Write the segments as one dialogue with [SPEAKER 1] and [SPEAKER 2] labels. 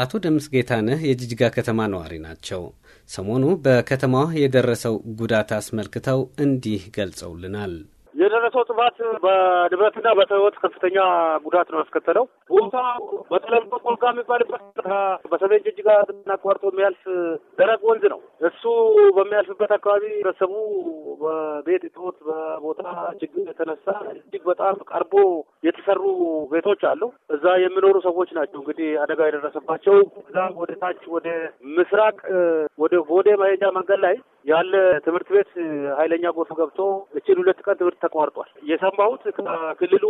[SPEAKER 1] አቶ ደምስ ጌታነህ የጅጅጋ ከተማ ነዋሪ ናቸው። ሰሞኑ በከተማዋ የደረሰው ጉዳት አስመልክተው እንዲህ ገልጸውልናል።
[SPEAKER 2] የደረሰው ጥፋት በንብረትና በሰዎች ከፍተኛ ጉዳት ነው ያስከተለው። ቦታ በተለምዶ ቆልጋ የሚባልበት በሰሜን ጅጅጋ አቋርጦ የሚያልፍ ደረቅ ወንዝ ነው። እሱ በሚያልፍበት አካባቢ ረሰቡ በቤት እጦት በቦታ ችግር የተነሳ እጅግ በጣም ቀርቦ የተሰሩ ቤቶች አሉ። እዛ የሚኖሩ ሰዎች ናቸው እንግዲህ አደጋ የደረሰባቸው። እዛ ወደ ታች ወደ ምስራቅ ወደ ቦዴ መሄጃ መንገድ ላይ ያለ ትምህርት ቤት ኃይለኛ ጎርፍ ገብቶ እችን ሁለት ቀን ትምህርት ተቋርጧል። የሰማሁት ከክልሉ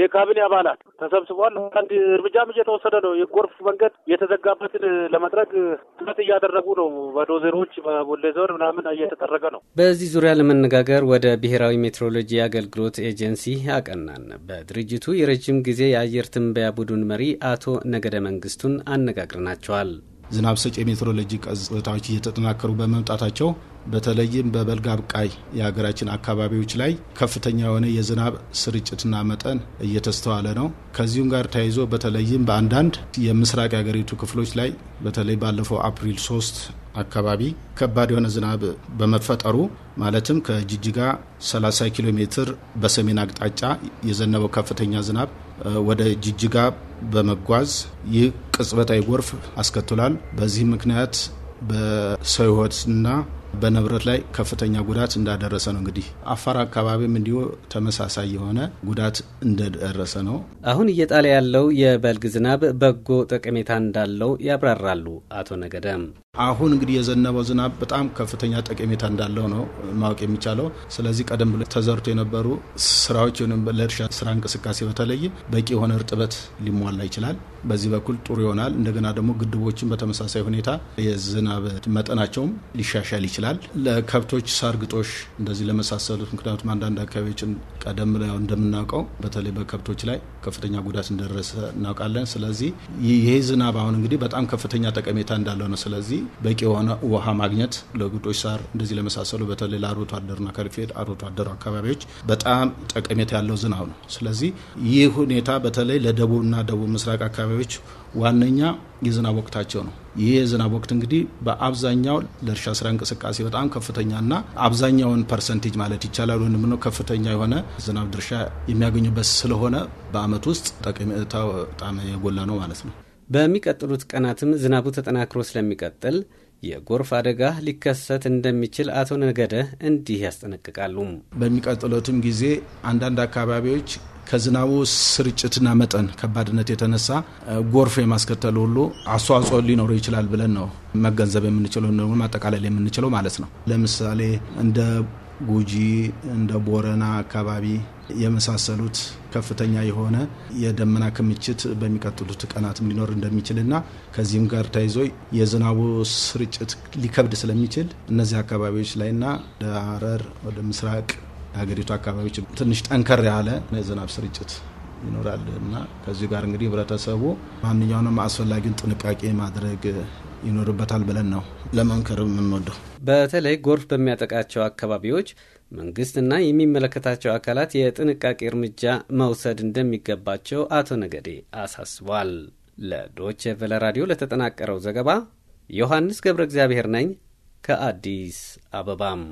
[SPEAKER 2] የካቢኔ አባላት ተሰብስቧል። አንድ እርምጃም እየተወሰደ ነው። የጎርፍ መንገድ የተዘጋበትን ለመጥረግ ጥረት እያደረጉ ነው። በዶዘሮች በቦሌዘር ምናምን እየተጠረገ
[SPEAKER 1] ነው። በዚህ ዙሪያ ለመነጋገር ወደ ብሔራዊ ሜትሮሎጂ አገልግሎት ኤጀንሲ አቀናን በድር ድርጅቱ የረጅም ጊዜ የአየር ትንበያ ቡድን መሪ አቶ ነገደ መንግስቱን አነጋግረናቸዋል።
[SPEAKER 3] ዝናብ ሰጭ የሜትሮሎጂ ገጽታዎች እየተጠናከሩ በመምጣታቸው በተለይም በበልግ አብቃይ የሀገራችን አካባቢዎች ላይ ከፍተኛ የሆነ የዝናብ ስርጭትና መጠን እየተስተዋለ ነው። ከዚሁም ጋር ተያይዞ በተለይም በአንዳንድ የምስራቅ የሀገሪቱ ክፍሎች ላይ በተለይ ባለፈው አፕሪል ሶስት አካባቢ ከባድ የሆነ ዝናብ በመፈጠሩ ማለትም ከጅጅጋ 30 ኪሎ ሜትር በሰሜን አቅጣጫ የዘነበው ከፍተኛ ዝናብ ወደ ጅጅጋ በመጓዝ ይህ ቅጽበታዊ ጎርፍ አስከትሏል። በዚህ ምክንያት በሰው ሕይወትና በንብረት ላይ ከፍተኛ ጉዳት እንዳደረሰ ነው። እንግዲህ አፋር አካባቢም እንዲሁ ተመሳሳይ የሆነ ጉዳት እንደደረሰ ነው።
[SPEAKER 1] አሁን እየጣለ ያለው የበልግ ዝናብ በጎ ጠቀሜታ እንዳለው ያብራራሉ አቶ ነገደም። አሁን እንግዲህ የዘነበው ዝናብ በጣም ከፍተኛ ጠቀሜታ
[SPEAKER 3] እንዳለው ነው ማወቅ የሚቻለው። ስለዚህ ቀደም ብሎ ተዘርቶ የነበሩ ስራዎች ወይም ለእርሻ ስራ እንቅስቃሴ በተለይ በቂ የሆነ እርጥበት ሊሟላ ይችላል። በዚህ በኩል ጥሩ ይሆናል። እንደገና ደግሞ ግድቦችን በተመሳሳይ ሁኔታ የዝናብ መጠናቸውም ሊሻሻል ይችላል። ለከብቶች ሳር ግጦሽ እንደዚህ ለመሳሰሉት፣ ምክንያቱም አንዳንድ አካባቢዎችን ቀደም ብለው እንደምናውቀው በተለይ በከብቶች ላይ ከፍተኛ ጉዳት እንደደረሰ እናውቃለን። ስለዚህ ይሄ ዝናብ አሁን እንግዲህ በጣም ከፍተኛ ጠቀሜታ እንዳለው ነው። ስለዚህ በቂ የሆነ ውሃ ማግኘት ለግጦሽ ሳር እንደዚህ ለመሳሰሉ በተለይ ለአርብቶ አደርና ከርፌድ አርብቶ አደሩ አካባቢዎች በጣም ጠቀሜታ ያለው ዝናብ ነው። ስለዚህ ይህ ሁኔታ በተለይ ለደቡብና ደቡብ ምስራቅ አካባቢዎች ዋነኛ የዝናብ ወቅታቸው ነው። ይህ የዝናብ ወቅት እንግዲህ በአብዛኛው ለእርሻ ስራ እንቅስቃሴ በጣም ከፍተኛና አብዛኛውን ፐርሰንቴጅ ማለት ይቻላል ወይም ነው ከፍተኛ የሆነ ዝናብ ድርሻ የሚያገኙበት ስለሆነ በአመት ውስጥ ጠቀሜታው በጣም የጎላ ነው ማለት ነው።
[SPEAKER 1] በሚቀጥሉት ቀናትም ዝናቡ ተጠናክሮ ስለሚቀጥል የጎርፍ አደጋ ሊከሰት እንደሚችል አቶ ነገደ እንዲህ ያስጠነቅቃሉ። በሚቀጥሉትም ጊዜ አንዳንድ አካባቢዎች
[SPEAKER 3] ከዝናቡ ስርጭትና መጠን ከባድነት የተነሳ ጎርፍ የማስከተል ሁሉ አስተዋጽኦ ሊኖረው ይችላል ብለን ነው መገንዘብ የምንችለው አጠቃላይ የምንችለው ማለት ነው። ለምሳሌ እንደ ጉጂ እንደ ቦረና አካባቢ የመሳሰሉት ከፍተኛ የሆነ የደመና ክምችት በሚቀጥሉት ቀናትም ሊኖር እንደሚችልና ከዚህም ጋር ተይዞ የዝናቡ ስርጭት ሊከብድ ስለሚችል እነዚህ አካባቢዎች ላይና ወደ ሐረር ወደ ምስራቅ የሀገሪቱ አካባቢዎች ትንሽ ጠንከር ያለ የዝናብ ስርጭት ይኖራል እና ከዚህ ጋር እንግዲህ ህብረተሰቡ ማንኛውንም አስፈላጊውን ጥንቃቄ ማድረግ ይኖርበታል ብለን ነው ለመንከር የምንወደው።
[SPEAKER 1] በተለይ ጎርፍ በሚያጠቃቸው አካባቢዎች መንግስትና የሚመለከታቸው አካላት የጥንቃቄ እርምጃ መውሰድ እንደሚገባቸው አቶ ነገዴ አሳስቧል። ለዶቼ ቬለ ራዲዮ ለተጠናቀረው ዘገባ ዮሐንስ ገብረ እግዚአብሔር ነኝ ከአዲስ አበባም